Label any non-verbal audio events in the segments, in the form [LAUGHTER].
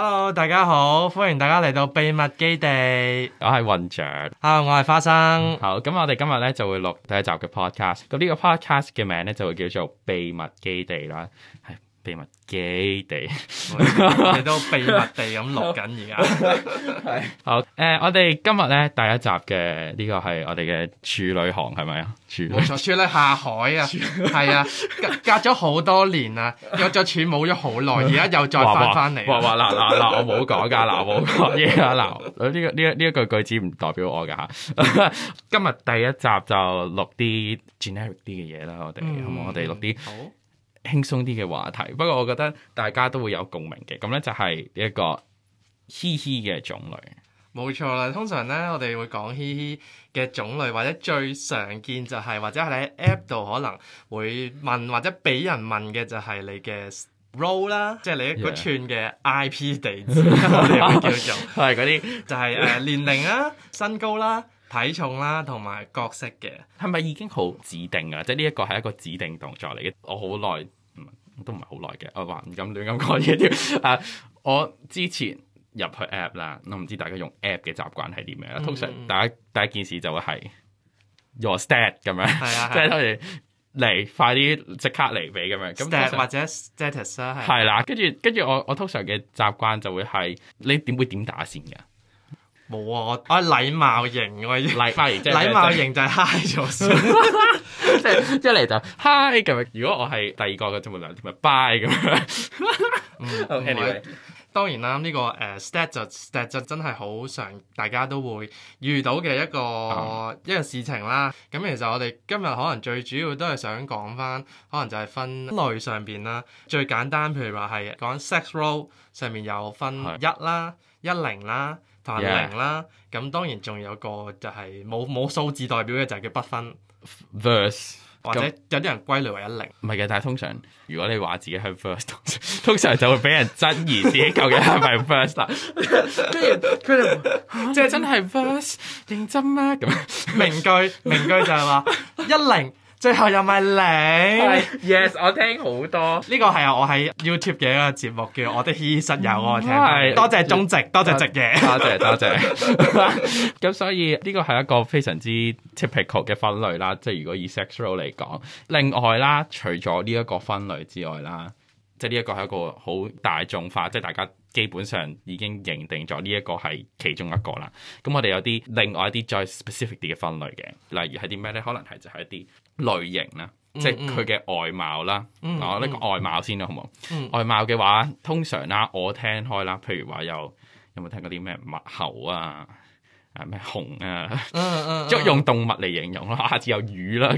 hello，大家好，歡迎大家嚟到秘密基地。我係雲雀，hello，我係花生。嗯，好，咁我哋今日咧就會錄第一集嘅 podcast pod。咁呢個 podcast 嘅名咧就會叫做秘密基地啦。係。秘密基地，你 [LAUGHS] [LAUGHS] 都秘密地咁錄緊而家。係 [LAUGHS] [LAUGHS] 好、誒、呃，我哋今日咧第一集嘅呢、這個係我哋嘅處女航，係咪啊？冇錯。處女下海啊，係柱 啊，隔咗好多年啦，有咗處冇咗好耐，而家又再翻翻嚟。嘩嗱嗱嗱，我冇講噶，嗱我冇講嘢啊，嗱呢個呢一呢一句句子唔代表我噶吓。 [LAUGHS] 今日第一集就錄啲 generic 啲嘅嘢啦，我哋好冇嗎，我哋錄啲好。輕鬆啲嘅話題，不過我覺得大家都會有共鳴嘅，咁呢就係一個嘻嘻嘅種類，冇錯啦。通常呢，我哋會講嘻嘻嘅種類，或者最常見就係、係、或者你喺 App 度可能會問，或者俾人問嘅就係你嘅 role 啦，即係你嗰串嘅 IP 地址 Yeah. [LAUGHS] 叫做係嗰啲，就係誒年齡啦、啊、身高啦、啊、體重啦、啊，同埋角色嘅，係咪已經好指定噶、啊？即係呢一個係一個指定動作嚟嘅，我好耐。都唔係好耐嘅，我話唔敢亂咁講嘢添。啊，我之前入去 app 啦，我唔知大家用 app 嘅習慣係點咩啦。嗯、通常第一第一件事就會係 your stat 咁樣，啊、即係例如嚟快啲即刻嚟俾咁樣。咁 stat 或者 status 啦、啊，係啦、啊。跟住跟住我我通常嘅習慣就會係你點會點打線㗎？冇啊！我係禮貌型，我禮貌型就係 high 咗先，一嚟就 high 咁樣，如果我係第二個嘅，就冇兩咪 bye 咁樣。唔係當然啦，呢、呢個誒、uh, status status 就真係好常大家都會遇到嘅一個、uh. 一個事情啦。咁其實我哋今日可能最主要都係想講翻，可能就係分類上邊啦。最簡單，譬如話係講 sex role 上面有分一、uh. 啦、一零啦。零啦，咁 Yeah. 當然仲有個就係冇冇數字代表嘅就係、是、叫不分 verse，或者有啲人歸類為一零。唔係嘅，但係通常如果你話自己係 verse，通常，通常就會俾人質疑自己 [LAUGHS] 究竟係咪 verse 啦。 [LAUGHS] 跟住佢哋即係真係 verse 認真咩？？ [LAUGHS] 名句名句就係話 [LAUGHS] 一零。最後又咪零？Yes，我聽好多。呢個係啊，我喺 YouTube 嘅一個節目叫《我的異室友》是我聽。是多謝鐘植，多謝植嘅。多謝多謝。咁所以呢個係一個非常之 typical 嘅分類啦。即係如果以 sexual 嚟講，另外啦，除咗呢一個分類之外啦，即係呢一個係一個好大眾化，即係大家基本上已經認定咗呢一個係其中一個啦。咁我哋有啲另外一啲再 specific 啲嘅分類嘅，例如係啲咩咧？可能係就係一啲。類型啦，即係佢嘅外貌啦。嗯嗯、我呢個外貌先啦，好冇？嗯、外貌嘅話，通常啦，我聽開啦。譬如話有有冇聽過啲咩物猴啊，啊咩熊啊，即 [LAUGHS] 用動物嚟形容啦。下次有魚啦，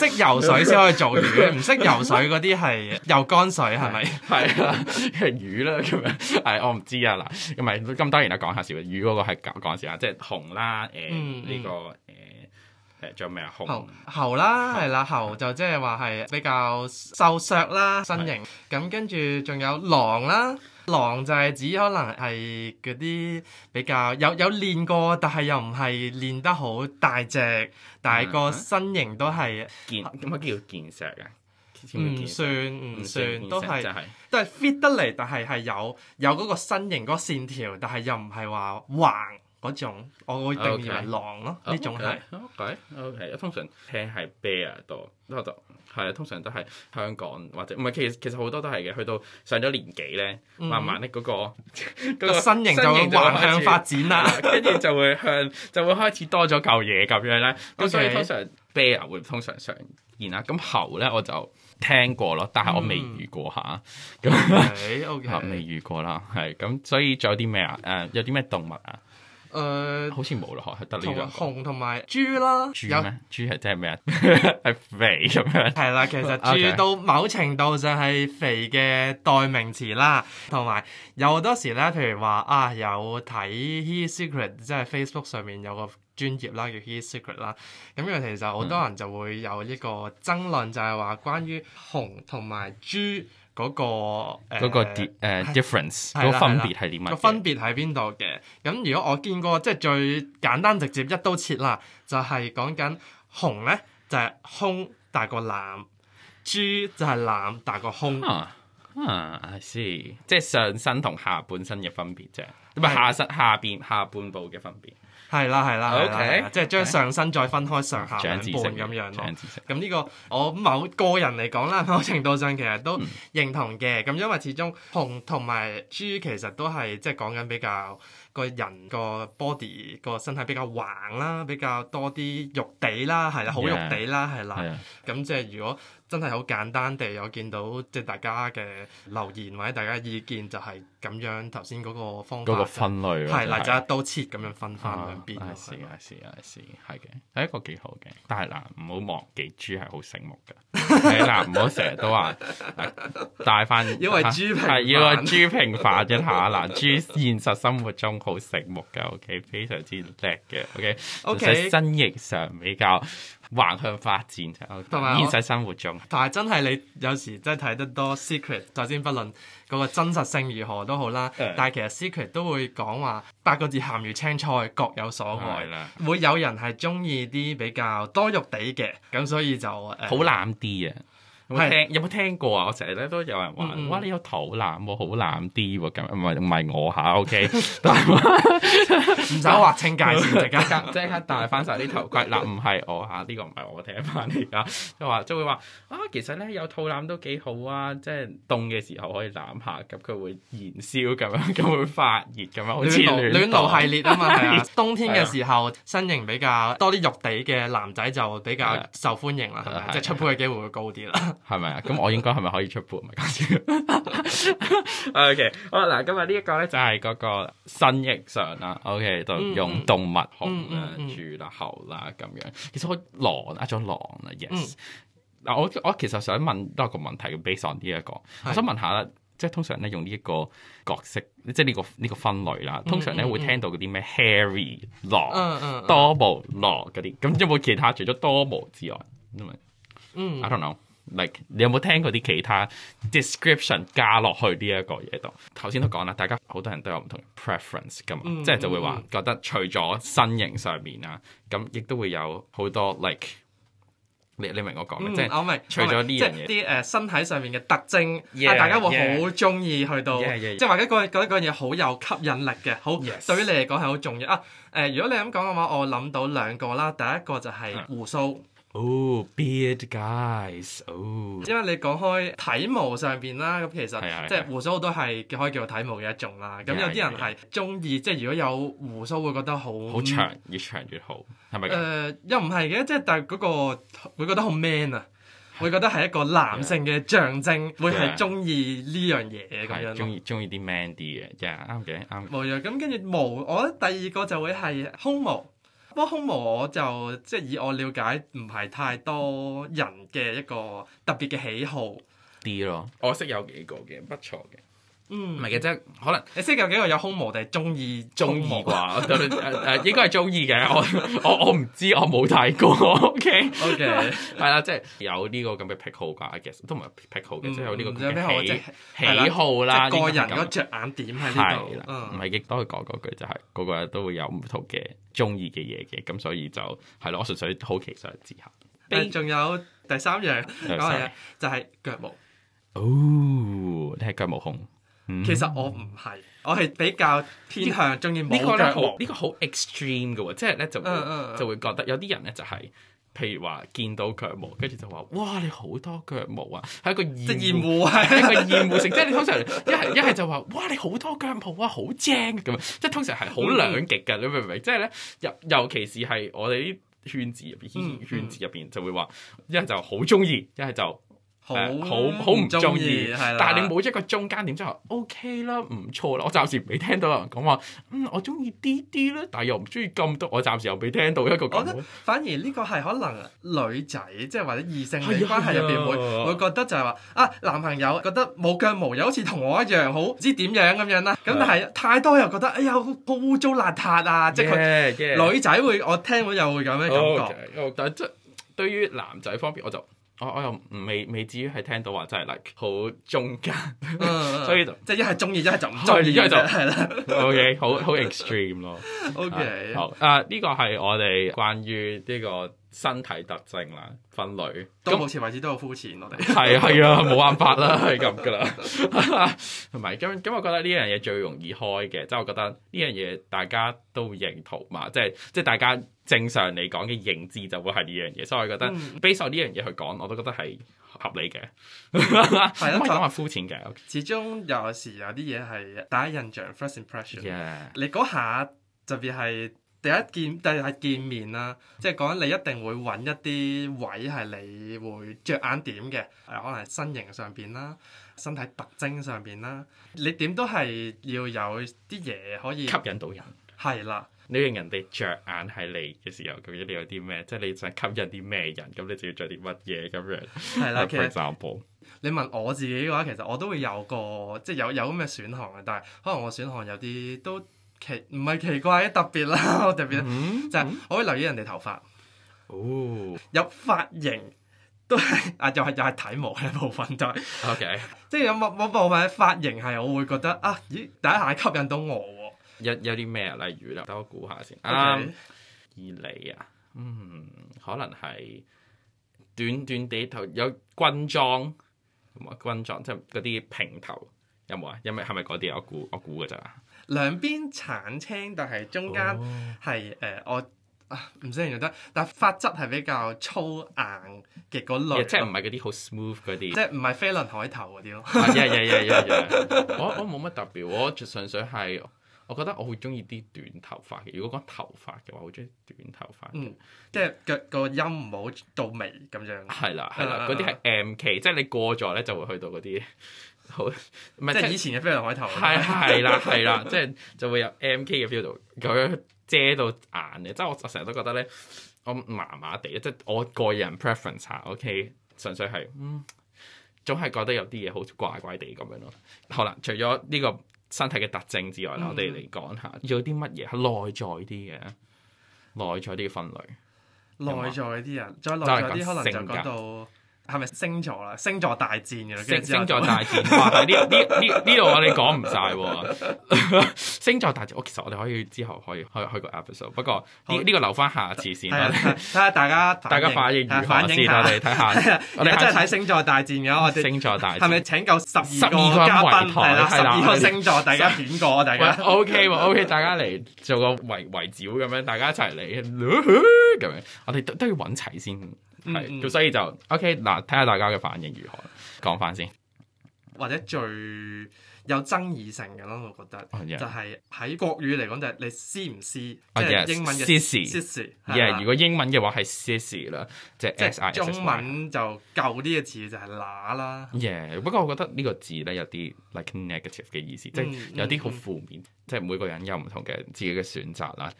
識 [LAUGHS] 游水先可以做魚，唔識游水嗰啲係游乾水係咪？係啊是吧、 [LAUGHS] 哎，魚啦咁樣。係我唔知啊嗱，唔係咁當然啦，講下笑。魚嗰、嗯這個係講講笑啊，即係熊啦，誒呢個誒。嗯嗯嗯嗯嗯嗯嗯仲有咩啊？熊、猴啦，係啦，猴，猴就即係話係比較瘦削啦，身形。咁跟住仲有狼啦，狼就係只可能係嗰啲比較有有練過，但係又唔係練得好大隻，但係個身形都係健。乜叫健碩啊？唔算唔算都係都係 fit 得嚟，但係係有有嗰個身形嗰個線條，但係又唔係話橫。嗰種我會定義為狼咯，呢種係。O K，通常聽係 bear 多，多個係啊，通常都係香港或者唔係，其實其實好多都係嘅。去到上咗年紀咧，慢慢咧嗰個個身形就橫向發展啦，跟住就會向就會開始多咗嚿嘢咁樣咧。咁所以通常 bear 會通常常見啦。咁猴咧我就聽過咯，但係我未遇過嚇。咁啊，未遇過啦，係。咁所以仲有啲咩啊？誒，有啲咩動物啊？誒，呃、好似冇咯，係得呢個。同熊同埋豬啦，豬嗎有咩豬係即係咩啊？係 [LAUGHS] 肥咁樣。係 [LAUGHS] 啦，其實豬到某程度就係肥嘅代名詞啦。同埋有好多時咧，譬如話啊，有睇 He Secret，即係 Facebook 上面有個。專業啦，叫 h e a secret 啦、嗯。咁其實好多人就會有呢個爭論，就係話關於熊同埋豬嗰、那個嗰、嗯啊、個 difference，個、啊嗯、分別係點？個分別喺邊度嘅？咁如果我見過，即、就、係、是、最簡單直接一刀切啦，就係、是、講緊熊咧就係、是、胸大過腩，豬就係腩大過胸、啊。啊，啊，I see，即係上身同下，下，下半身嘅分別啫，咁係下身下邊下半部嘅分別。係啦，係啦，OK 即係將上身再分開上下兩半咁樣咯。咁呢、 [LAUGHS] 呢個我某個人嚟講啦，某程度上其實都認同嘅。咁、嗯、因為始終熊同埋豬其實都係即係講緊比較個人個 body 個身體比較橫啦，比較多啲肉地啦，係啦，好肉地啦，係啦。咁 Yeah. 即係如果。真係好簡單地，有見到即係大家嘅留言或者大家意見就係咁樣頭先嗰個方法，就是。嗰個分類係嗱，就一，是，刀切咁樣分翻兩邊。係是啊，是，的是，是，這個、是啊，是，係嘅，係一個幾好嘅。但係嗱，唔好忘記豬係好醒目㗎。係嗱， [LAUGHS] 唔好成日都話，啊、帶翻，啊，因為豬平要個豬平反一下嗱。豬、 [LAUGHS] 啊、現實生活中好醒目㗎，OK，非常之叻嘅，OK，OK，身形上比較。橫向發展，同埋現實生活中，但係真係你有時真係睇得多 secret。首先，不論嗰個真實性如何都好啦，嗯、但係其實 secret 都會講話八個字，鹹魚青菜，各有所愛。嗯、會有人係鍾意啲比較多肉地嘅，咁所以就誒。嗯、好濫啲啊！我 Okay. 聽有冇聽過啊？我成日咧都有人話，嗯、哇！你有肚腩喎，好腩啲喎，咁唔係唔係我嚇，OK？唔使劃清界線，即刻即刻戴翻晒啲頭盔。嗱、 [LAUGHS] 啊，唔係我嚇，呢、這個唔係我聽翻嚟㗎。即係話，即係會話啊，其實咧有肚腩都幾好啊，即係凍嘅時候可以攬下，咁佢會燃燒，咁樣咁會發熱，咁樣露好似暖爐系列啊嘛，係 [LAUGHS] 啊。冬天嘅時候，身形比較多啲肉地嘅男仔就比較受歡迎啦，即係出鋪嘅機會會高啲啦。 [LAUGHS] 係咪啊？咁我應該係咪可以出播咪搞笑？OK，好啦，今日呢一個咧就係嗰個新形象啦。OK，就、嗯、用動物熊啦、嗯、豬啦、猴啦咁樣。其實佢狼啊，做狼啊，yes。嗱、嗯，我我其實想問多一個問題嘅 based on 呢一個，我想問下，即係通常咧用呢一個角色，即係、呢、呢個呢、呢個分類啦。通常咧、嗯嗯、會聽到嗰啲咩 Harry 狼、狼 uh, uh, uh, Double 狼嗰啲，咁有冇其他除咗多毛之外，嗯，I don't know。like 你有冇聽過啲其他 description 加落去呢一個嘢度？頭先都講啦，大家好多人都有唔同嘅 preference 㗎嘛，即係、mm hmm. 就會話覺得除咗身形上面啊，咁亦都會有好多 like 你你明我講咩？Mm hmm. 即係我明。除咗呢啲誒身體上面嘅特徵，yeah, 大家會好中意去到，即係、yeah. Yeah . yeah. 或者嗰個嗰個嘢好有吸引力嘅，好 Yes. 對於你嚟講係好重要啊。誒、呃、如果你咁講嘅話，我諗到兩個啦，第一個就係鬍鬚。Uh. Uh. 哦，beard guys，哦，因為你講開體毛上面啦，咁其實即係鬍鬚都係可以叫做體毛嘅一種啦。咁有啲人係中意，即係如果有鬍鬚會覺得好長，越長越好，係咪？誒，又唔係嘅，即係但係嗰個會覺得好 man 啊，會覺得係一個男性嘅象徵，會係中意呢樣嘢咁樣。中意中意啲 man 啲嘅，又啱嘅，啱。冇錯，咁跟住毛，我覺得第二個就會係胸毛。不過，我就即係以我了解，唔係太多人嘅一個特別嘅喜好啲咯。我識有幾個嘅，不錯嘅。唔係嘅啫，可能你識有幾個有胸毛定係中意中意啩？誒誒，應該係中意嘅，我我我唔知，我冇睇過。O K O K，係啦，即係有呢、okay? 個咁嘅癖好㗎，I guess，都唔係癖好嘅，即係有呢個喜喜好啦，個人嗰隻眼點係呢度。唔係亦都去講嗰句，就係個個都會有唔同嘅中意嘅嘢嘅，咁所以就係咯，我純粹好奇想知下。誒，仲有第三樣講嘅就係腳毛。哦，你係腳毛控。其實我唔係，我係比較偏向中意冇毛。呢個呢好呢、這個好 extreme 嘅喎，哦，即係咧就會 uh, uh, uh, 就會覺得有啲人咧就係、是，譬如話見到腳毛，跟住就話：哇，你好多腳毛啊！係一個厭厭惡啊，一個厭惡性。 [LAUGHS] 即係你通常一係一係就話：哇，你好多腳毛啊，好正咁樣。即係通常係好兩極嘅，嗯、你明唔明？即係咧，尤尤其是係我哋啲圈子入邊、嗯、圈子入邊就會話，一係就好中意，一係就。好，好，唔中意。但係你冇一個中間點就 O K 啦，唔錯啦。我暫時未聽到有人講話，嗯，我中意啲啲啦，但係又唔中意咁多。我暫時又未聽到一個。我覺得反而呢個係可能女仔，即係或者異性關係入邊會、啊、會覺得就係話啊，男朋友覺得冇腳毛又好似同我一樣，好唔知點樣咁樣啦。咁的但係太多又覺得哎呀，好污糟邋遢啊！即係 Yeah, yeah. 女仔會，我聽到又會咁樣感覺。Okay, 但係即對於男仔方面，我就。我又未未至於係聽到話真係 like 好中間，所以即係一係中意一係就唔中意一係就係啦。OK，好好 extreme 咯。OK，好啊，呢個係我哋關於呢個身體特徵啦分類，到目前為止都好膚淺，我哋係啊係啊，冇辦法啦，係咁噶啦。同埋咁咁，我覺得呢樣嘢最容易開嘅，即係我覺得呢樣嘢大家都認同嘛，即係即係大家。正常嚟講嘅認知就會係呢樣嘢，所以我覺得 base 喺呢樣嘢去講，我都覺得係合理嘅，係 [LAUGHS] 咯對，諗下，膚淺嘅。Okay、始終有時有啲嘢係第一印象，first impression Yeah. 你。你嗰下特別係第一見，特別係見面啦，即係講你一定會揾一啲位係你會着眼點嘅，可能身形上邊啦，身體特徵上邊啦，你點都係要有啲嘢可以吸引到人。係啦。你令人哋着眼喺你嘅時候，究竟你有啲咩？即係你想吸引啲咩人？咁你就要着啲乜嘢咁樣？係啦，其實你問我自己嘅話，其實我都會有個即係有有咁嘅選項嘅，但係可能我選項有啲都奇，唔係奇怪，特別啦， [LAUGHS] 特別、嗯、就係我可以留意人哋頭髮。哦，有髮型都係啊，又係又係體毛嘅部分都係。對，OK，即係有某某部分髮型係我會覺得啊，咦，第一下吸引到我。有有啲咩啊？例如啦，等我估下先。啱，以你啊，嗯，可能係短短地頭有軍裝，冇啊軍裝，即係嗰啲平頭有冇啊？有咪係咪嗰啲啊？我估我估嘅咋，兩邊鏟青，但係中間係誒我唔識形容得，但髮質係比較粗硬嘅嗰類，即係唔係嗰啲好 smooth 嗰啲，即係唔係飛輪海頭嗰啲咯？係係係係，我我冇乜特別，我純粹係。我覺得我會中意啲短頭髮嘅。如果講頭髮嘅話，好中意短頭髮。嗯，對即係腳個音唔好到尾咁樣。係啦係啦，嗰啲係 M K，即係你過咗咧就會去到嗰啲好，唔係即係以前嘅飛人開頭。係係啦係啦，即係 [LAUGHS] 就，就會有 M K 嘅 feel 到。咁佢遮到眼嘅。即係我成日都覺得咧，我麻麻地，即係我個人 preference 啊。O K，純粹係，嗯，總係覺得有啲嘢好似怪怪地咁樣咯。好啦，除咗呢、這個身體嘅特徵之外，我哋嚟講下，有啲乜嘢係內在啲嘅，內在啲分類，內在啲人？再內在啲可能就講到係咪星座啦？星座大戰嘅星座大戰，哇！呢呢呢呢度我哋講唔晒喎。 [LAUGHS] 星座大戰，我其實我哋可以之後可以去去個 episode，不過呢呢個留翻下次先睇下大家大家反應如何我哋睇下，我哋真係睇星座大戰嘅我哋星座大戰係咪請夠十二個嘉賓係啦，十二個星座大家點過啊？大家 OK，OK，大家嚟做個圍圍剿咁樣，大家一齊嚟咁樣，我哋都都要揾齊先，係咁，所以就 OK 嗱，睇下大家嘅反應如何，講翻先。或者最有爭議性嘅咯，我覺得，oh, yeah. 就係喺國語嚟講就係你 Sissy 唔 Sissy，即係英文嘅 Sissy，yeah。如果英文嘅話係 Sissy 啦，Sissy，即係即係中文就舊啲嘅字就係乸啦，yeah。不過我覺得呢個字咧有啲 like negative 嘅意思，mm，即係有啲好負面。Mm, mm. 即係每個人有唔同嘅自己嘅選擇啦。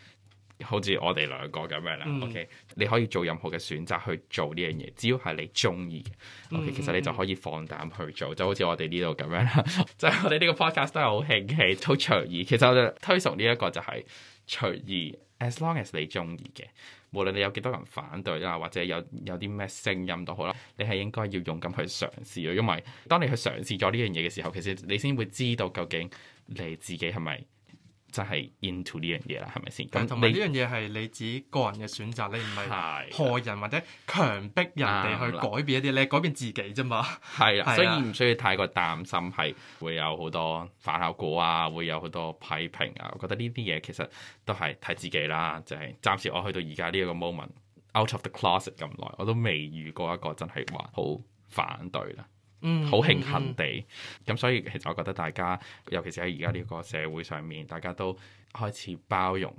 好似我哋兩個咁樣啦、嗯、OK，你可以做任何嘅選擇去做呢樣嘢，只要係你中意嘅，OK，其實你就可以放膽去做，就好似我哋呢度咁樣啦。嗯、 [LAUGHS] 就係我哋呢個 podcast 都係好興起，都隨意。其實我哋推崇呢一個就係、是、隨意，as long as 你中意嘅，無論你有幾多人反對啦，或者有有啲咩聲音都好啦，你係應該要勇敢去嘗試嘅，因為當你去嘗試咗呢樣嘢嘅時候，其實你先會知道究竟你自己係咪。就係 into 呢樣嘢啦，係咪先？咁同埋呢樣嘢係你自己個人嘅選擇，你唔係害人或者強迫人哋去改變一啲咧，的你改變自己啫嘛。係啦的，的所以唔需要太過擔心係會有好多反效果啊，會有好多批評啊。我覺得呢啲嘢其實都係睇自己啦。就係、是、暫時我去到而家呢一個 moment out of the closet 咁耐，我都未遇過一個真係話好反對啦。好慶幸地，咁所以其實我覺得大家，尤其是喺而家呢個社會上面，大家都開始包容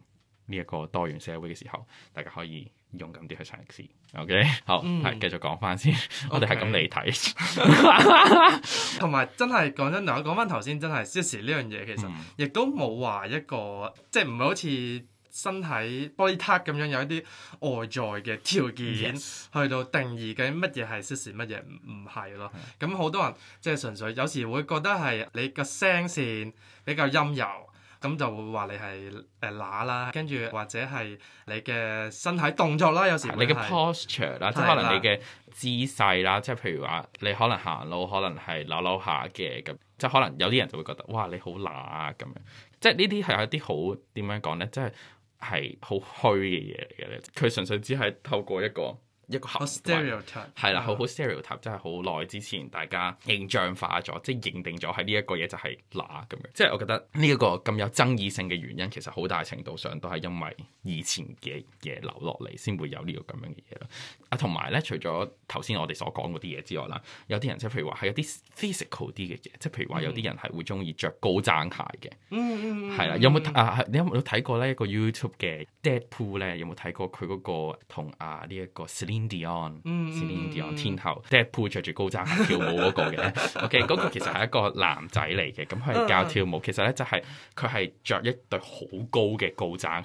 呢一個多元社會嘅時候，大家可以勇敢啲去嘗試。OK，好，係繼、嗯、續講翻先，okay. 我哋係咁嚟睇，同埋真係講真，嗱，我講翻頭先，真係即 i 呢樣嘢，其實亦都冇話一個，嗯、即係唔係好似。身體 body type 咁樣有一啲外在嘅條件，去到定義緊乜嘢係 sexy，乜嘢唔唔係咯。咁好多人即係純粹有時會覺得係你個聲線比較陰柔，咁就會話你係誒乸啦。跟住或者係你嘅身體動作啦，有時你嘅 posture 啦，即係可能你嘅姿勢啦，即係譬如話你可能行路可能係扭扭下嘅咁，即係可能有啲人就會覺得哇，你好乸啊咁樣。即係呢啲係有啲好點樣講咧，即係。係好虛嘅嘢嚟嘅，佢純粹只係透過一個。一個刻板，係啦的，好了好 stereotype、啊、真係好耐之前大家形象化咗，嗯、即係認定咗喺呢一個嘢就係乸咁樣。嗯、即係我覺得呢一個咁有爭議性嘅原因，其實好大程度上都係因為以前嘅嘢留落嚟，先會有呢個咁樣嘅嘢啦。啊，同埋咧，除咗頭先我哋所講嗰啲嘢之外啦，有啲人即係譬如話係有啲 physical 啲嘅嘢，即係、嗯、譬如話有啲人係會中意着高踭鞋嘅。嗯嗯係啦，有冇啊？你有冇睇過咧一個 YouTube 嘅 Deadpool 咧？有冇睇過佢嗰個同啊呢一個迪昂，嗯，Cindy On 天后，即係鋪着住高踭鞋跳舞嗰個嘅，OK，嗰個其實係一個男仔嚟嘅，咁佢係教跳舞，其實咧就係佢係着一對好高嘅高踭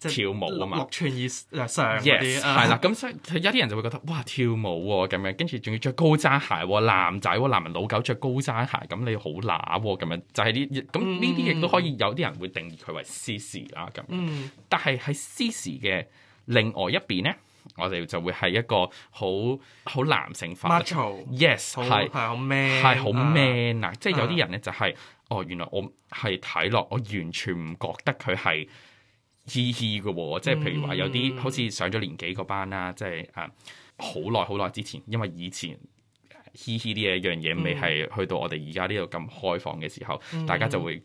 鞋跳舞啊嘛，六寸以上嗰啲啊，係啦，咁所以有啲人就會覺得哇跳舞喎，咁樣，跟住仲要着高踭鞋喎，男仔喎，男人老狗着高踭鞋，咁你好乸喎，咁樣，就係啲咁呢啲亦都可以有啲人會定義佢為 C 啦，咁，嗯，但係喺 C 嘅另外一邊咧。我哋就會係一個好好男性化 Macho，yes，係係好 man，係好 man 啊！即係有啲人咧就係、是，哦，原來我係睇落，我完全唔覺得佢係嘻嘻嘅喎、哦。即係譬如話，有啲、um, 好似上咗年紀個班啦，即係誒好耐好耐之前，因為以前嘻嘻啲嘢樣嘢、um, 未係去到我哋而家呢度咁開放嘅時候，大家就會，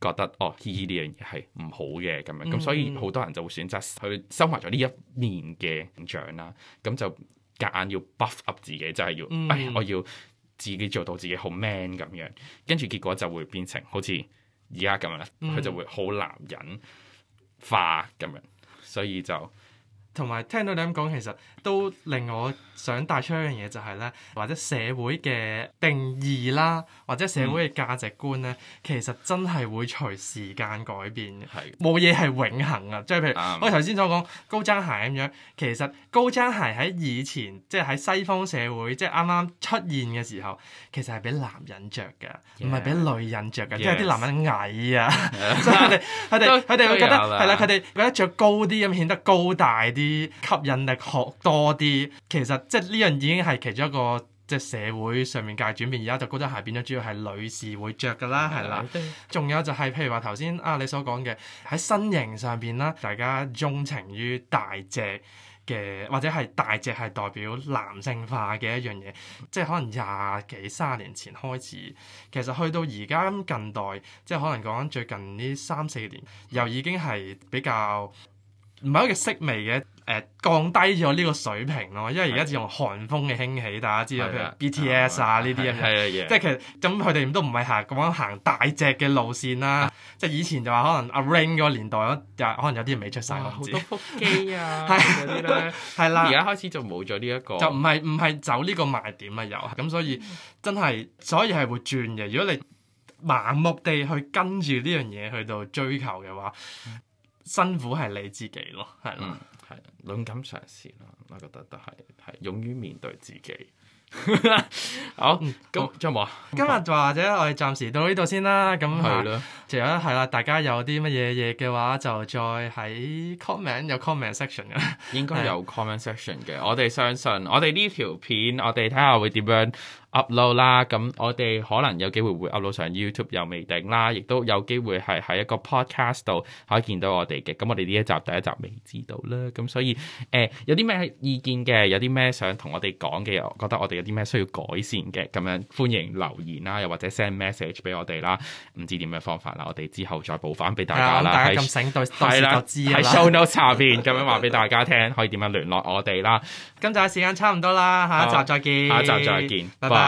覺得哦，嘻嘻呢樣嘢係唔好嘅咁樣，咁、嗯、所以好多人就會選擇去收埋咗呢一面嘅形象啦，咁就夾硬要 buff up 自己，就係、是、要，嗯、哎，我要自己做到自己好 man 咁樣，跟住結果就會變成好似而家咁樣佢就會好男人化咁樣，所以就。同埋聽到你咁講，其實都令我想帶出一樣嘢，就係、是、咧，或者社會嘅定義啦，或者社會嘅價值觀咧，其實真係會隨時間改變，嘅的。係冇嘢係永恆啊！即係譬如、嗯、我頭先所講高踭鞋咁樣，其實高踭鞋喺以前即係喺西方社會即係啱啱出現嘅時候，其實係俾男人著嘅，唔係俾女人著嘅，因為啲男人矮啊，即係佢哋佢哋佢哋會覺得係啦，佢哋覺得著高啲咁顯得高大啲。啲吸引力學多啲，其實即係呢樣已經係其中一個即係社會上面界轉變。而家就高踭鞋變咗，主要係女士會着噶啦，係啦。仲有就係譬如話頭先啊，你所講嘅喺身形上邊啦，大家鍾情於大隻嘅，或者係大隻係代表男性化嘅一樣嘢，即係可能廿幾卅年前開始，其實去到而家咁近代，即係可能講最近呢三四年，又已經係比較。唔係一個色味嘅，誒、呃、降低咗呢個水平咯，因為而家自從韓風嘅興起，大家知道譬如 BTS 啊呢啲咁，即係其實咁佢哋都唔係行咁樣行大隻嘅路線啦。 [MUSIC] 即係以前就話可能 Rain 嗰個年代，又可能有啲人未出世，好哇多腹肌啊嗰係啦，而家開始就冇咗呢一個，就唔係唔係走呢個賣點啊又，咁所，所以真係，所以係會轉嘅。如果你盲目地去跟住呢樣嘢去到追求嘅話，辛苦係你自己咯，係咯，係勇敢嘗試咯，我覺得都係係勇於面對自己。 [LAUGHS] 好，咁再冇今日就好於或者我哋暫時到呢度先啦。咁係啦，如果係啦，大家有啲乜嘢嘢嘅話就喺喺 comment，就再喺 comment 有 comment section 嘅，應該有 comment section 嘅。的我哋相信我哋呢條片，我哋睇下會點樣。upload 啦，咁我哋可能有機會會 upload 上 YouTube 又未定啦，亦都有機會係喺一個 podcast 度可以見到我哋嘅。咁我哋呢一集第一集未知道啦，咁所以誒、呃、有啲咩意見嘅，有啲咩想同我哋講嘅，覺得我哋有啲咩需要改善嘅，咁樣歡迎留言啦，又或者 send message 俾我哋啦，唔知點樣方法啦，我哋之後再補返俾大家啦。係咁醒到到時就知啦。喺 show notes 下邊咁樣話俾大家聽，可以點樣聯絡我哋啦。今集時間差唔多啦，下一集再見。啊、下一集再見，bye bye。